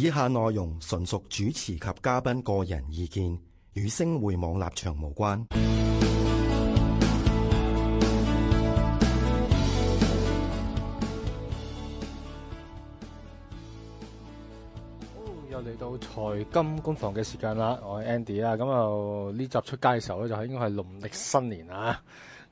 以下內容純屬主持及嘉賓個人意見，與星匯網立場無關。又嚟到財金工房嘅時間啦，我係 Andy 啊，咁啊呢集出街嘅時候咧，就係應該係農曆新年啊，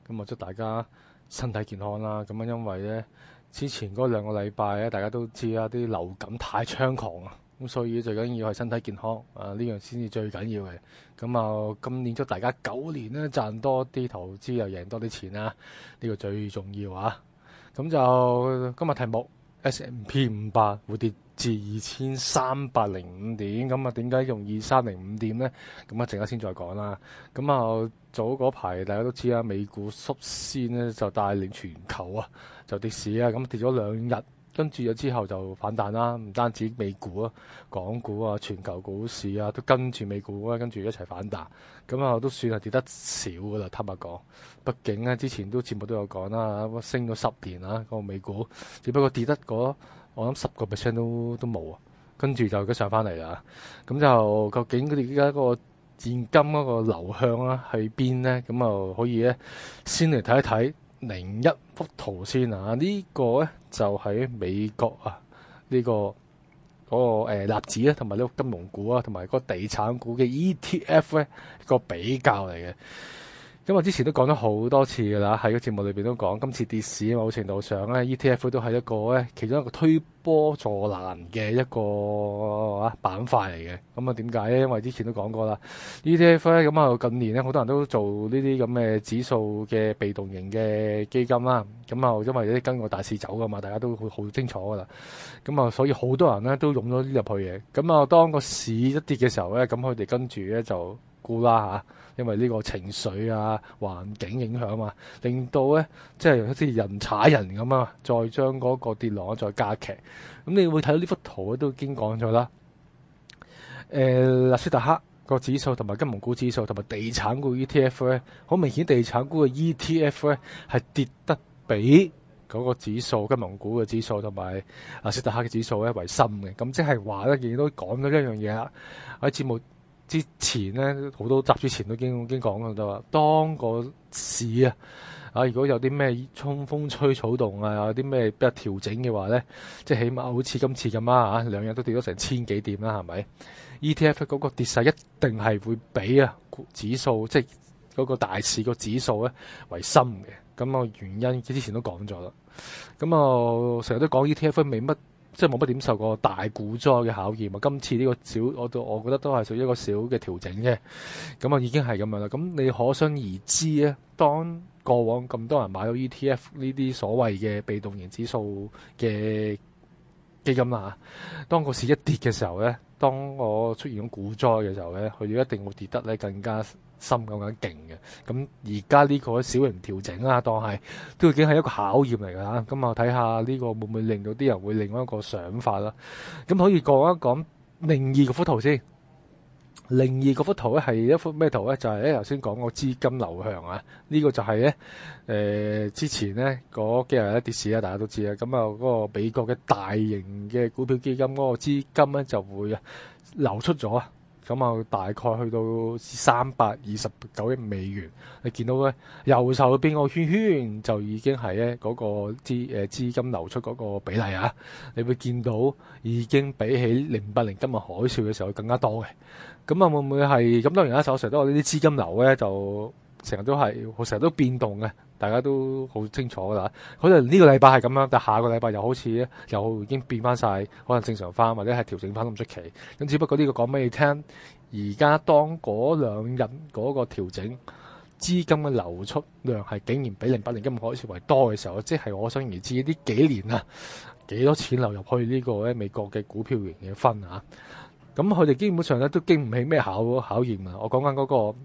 咁祝大家身體健康啦，咁啊因為咧。之前嗰兩個禮拜咧，大家都知啦，啲流感太猖狂啊！咁所以最緊要係身體健康啊，呢樣先至最緊要嘅。咁啊，今年祝大家九年咧賺多啲投資又贏多啲錢啦，呢、啊這個最重要啊！咁就今日題目 S&P 500會跌。至二千三百零五點，咁啊，點解用二三零五點呢？咁啊，陣間先再講啦。咁啊，早嗰排大家都知啦，美股率先呢就帶領全球啊，就跌市啊，咁跌咗兩日，跟住咗之後就反彈啦。唔單止美股啊，港股啊，全球股市啊，都跟住美股咧、啊，跟住一齊反彈。咁啊，都算係跌得少噶啦，坦白講。畢竟呢、啊、之前都節目都有講啦、啊、升咗十年啦、啊，嗰個美股，只不過跌得嗰。我諗十個 percent 都都冇啊，跟住就而家上翻嚟啦。咁就究竟佢哋而家個現金嗰個流向啊，去邊呢？咁啊可以咧，先嚟睇一睇另一幅圖先啊。這個、呢個咧就喺美國啊，這個那個呃、呢個嗰個誒納指啊，同埋呢個金融股啊，同埋個地產股嘅 ETF 咧個比較嚟嘅。因為之前都講咗好多次㗎啦，喺個節目裏邊都講，今次跌市某程度上咧，ETF 都係一個咧，其中一個推波助瀾嘅一個啊板塊嚟嘅。咁啊點解咧？因為之前都講過啦，ETF 咧咁啊近年咧好多人都做呢啲咁嘅指數嘅被動型嘅基金啦。咁啊因為有啲跟住大市走㗎嘛，大家都會好清楚㗎啦。咁啊所以好多人咧都湧咗啲入去嘅。咁啊當個市一跌嘅時候咧，咁佢哋跟住咧就。估啦嚇，因為呢個情緒啊、環境影響嘛，令到呢即係好似人踩人咁啊，再將嗰個跌落再加劇。咁你會睇到呢幅圖都已經講咗啦。誒、呃，納斯達克個指數同埋金融股指數同埋地產股 ETF 呢，好明顯地產股嘅 ETF 呢係跌得比嗰個指數、金融股嘅指數同埋納斯達克嘅指數呢為深嘅。咁即係話呢，亦都講咗一樣嘢啦。喺節目。之前咧好多集之前都已經講過，就話當個市啊啊，如果有啲咩春風吹草動啊，有啲咩比較調整嘅話咧，即係起碼好似今次咁啊，嚇，兩日都跌咗成千幾點啦，係咪？ETF 嗰個跌勢一定係會比啊指數，即係嗰個大市個指數咧為深嘅。咁啊原因之前都講咗啦。咁啊成日都講 ETF 未乜。即係冇乜點受過大股災嘅考驗啊！今次呢個小，我我覺得都係屬於一個小嘅調整啫。咁啊已經係咁樣啦。咁你可想而知啊，當過往咁多人買咗 ETF 呢啲所謂嘅被動型指數嘅基金啦，當個市一跌嘅時候咧。當我出現咗股災嘅時候呢，佢一定會跌得呢更加深咁樣勁嘅。咁而家呢個小型調整啦，當係都已經係一個考驗嚟㗎嚇。咁啊睇下呢個會唔會令到啲人會另外一個想法啦。咁可以講一講另一個幅圖先。另一嗰幅圖咧係一幅咩圖咧？就係咧頭先講個資金流向啊，呢、這個就係咧誒之前咧嗰幾日一跌市啊，大家都知啊，咁啊嗰個美國嘅大型嘅股票基金嗰、那個資金咧就會流出咗。咁啊，大概去到三百二十九億美元，你見到咧，右手邊個圈圈就已經係咧嗰個資誒資金流出嗰個比例啊，你會見到已經比起零八年今日海嘯嘅時候更加多嘅，咁啊會唔會係咁？當然啦，手先都我呢啲資金流咧就。成日都係，成日都變動嘅，大家都好清楚㗎啦。可能呢個禮拜係咁樣，但下個禮拜又好似又已經變翻晒，可能正常翻或者係調整翻都唔出奇。咁只不過呢個講俾你聽，而家當嗰兩日嗰個調整資金嘅流出量係竟然比零八年金股開始為多嘅時候，即係可想而知呢幾年啊幾多錢流入去呢個咧美國嘅股票型嘅分啊，咁佢哋基本上咧都經唔起咩考考驗啊！我講緊嗰個。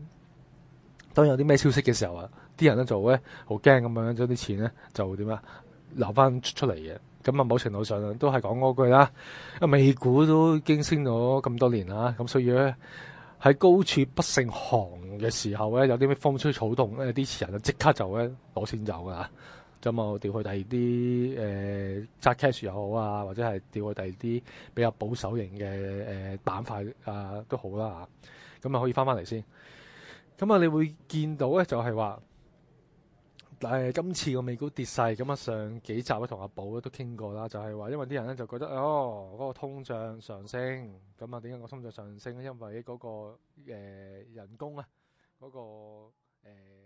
當有啲咩消息嘅時候啊，啲人咧就咧好驚咁樣將啲錢咧就點啊留翻出嚟嘅。咁啊某程度上都係講嗰句啦，啊美股都驚升咗咁多年啦，咁所以咧喺高處不勝寒嘅時候咧，有啲咩風吹草動，誒啲錢人就即刻就咧攞錢走噶，咁啊調去第二啲誒揸 cash 又好啊，或者係調去第二啲比較保守型嘅誒板塊啊都好啦嚇，咁啊可以翻翻嚟先。咁啊、嗯，你會見到咧，就係話誒，今次個美股跌勢，咁啊上幾集咧，同阿寶都傾過啦，就係話，因為啲人咧就覺得哦，嗰個通脹上升，咁啊點解個通脹上升咧？因為嗰個誒人工啊，嗰個誒。呃